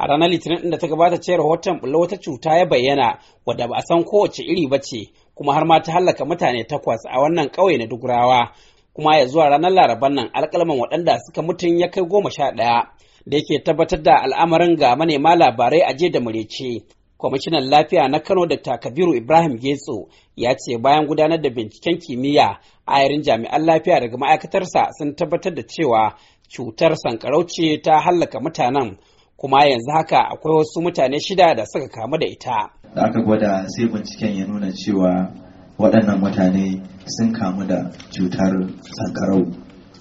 a ranar litinin din da ta gabata ce rahoton bulla wata cuta ya bayyana wadda ba a san kowace iri ba ce kuma har ma ta hallaka mutane takwas a wannan ƙauye na dugurawa kuma ya zuwa ranar laraban nan alƙalman waɗanda suka mutum ya kai goma sha ɗaya da yake tabbatar da al'amarin ga manema labarai a da murece kwamishinan lafiya na kano dr kabiru ibrahim getso ya ce bayan gudanar da binciken kimiyya ayarin jami'an lafiya daga ma'aikatarsa sun tabbatar da cewa cutar sankarau ce ta hallaka mutanen kuma yanzu haka akwai wasu mutane shida da suka kamu da ita da aka gwada sai binciken ya nuna cewa waɗannan mutane sun kamu da cutar sankarau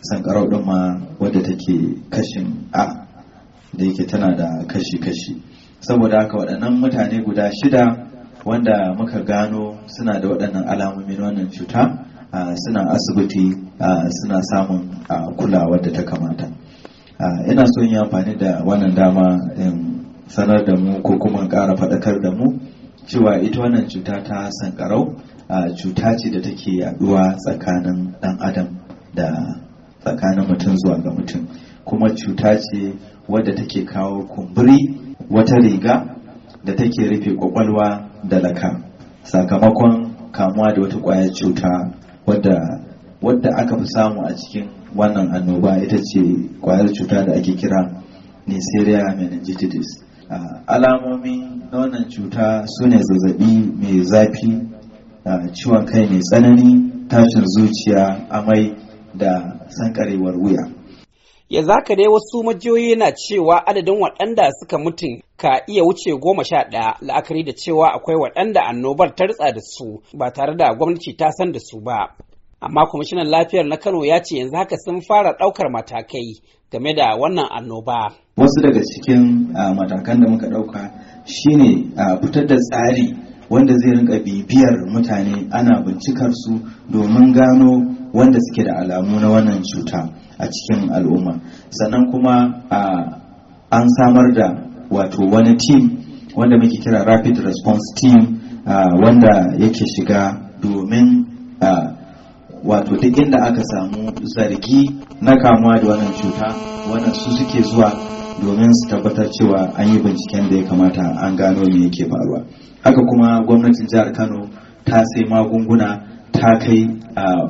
sankarau ɗin ma wadda take kashin a da yake tana da kashi-kashi saboda haka waɗannan mutane guda shida wanda muka gano suna da waɗannan alamomin wannan cuta suna asibiti suna samun kulawar da ta kamata Ah, ina son yi amfani da wannan dama in sanar da mu ko kuma ƙara faɗakar da mu cewa ita wannan cuta ta sankarau ah, cuta ce da take yaduwa tsakanin ɗan adam da tsakanin mutum zuwa ga mutum kuma cuta ce wadda take kawo kumburi wata riga da take rufe kwakwalwa da laka sakamakon kamuwa da wata ƙwayar cuta wadda wadda aka fi samu a cikin wannan annoba ita ce kwayar cuta da ake kira neisseria meningitis alamomi na wannan cuta su ne zazzabi mai zafi ciwon kai mai tsanani tashin zuciya amai da sankarewar wuya ya zaka dai wasu majiyoyi na cewa adadin waɗanda suka mutu ka iya wuce goma sha ɗaya la'akari da cewa akwai waɗanda annobar ta da su ba tare da gwamnati ta san da su ba amma kwamishinan lafiyar na kano ya ce yanzu haka sun fara ɗaukar matakai game da wannan annoba wasu daga cikin ah, matakan da muka ɗauka shine ah, fitar da tsari wanda zai rinka bibiyar mutane ana bincikar su domin gano wanda suke da alamu na wannan cuta a cikin al'umma sannan kuma ah, an samar da wato wani team wanda muke kira rapid response team wanda yake shiga domin wato duk inda aka samu zargi na kamuwa da wannan cuta wannan su suke zuwa domin su tabbatar cewa an yi binciken da ya kamata an gano me yake faruwa haka kuma gwamnatin jihar kano ta sai magunguna ta kai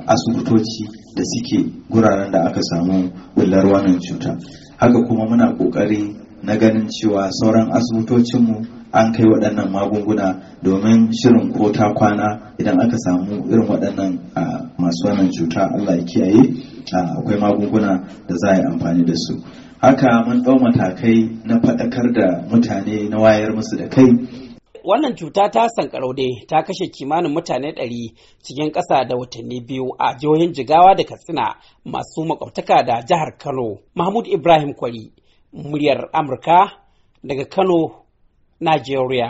asibitoci da suke guraren da aka samu bullar wannan cuta haka kuma muna kokari na ganin cewa sauran asibitocinmu an kai waɗannan magunguna domin shirin ko ta kwana idan aka samu irin waɗannan masu wannan cuta Allah ya kiyaye ah, akwai magunguna da za a yi amfani da su haka mun ɗau matakai na faɗakar da mutane na wayar musu da kai wannan cuta ta sankarau dai ta kashe kimanin mutane ɗari cikin ƙasa da watanni biyu a jihohin jigawa da katsina masu makwabtaka da jihar kano mahmud ibrahim kwari muryar amurka daga kano nigeria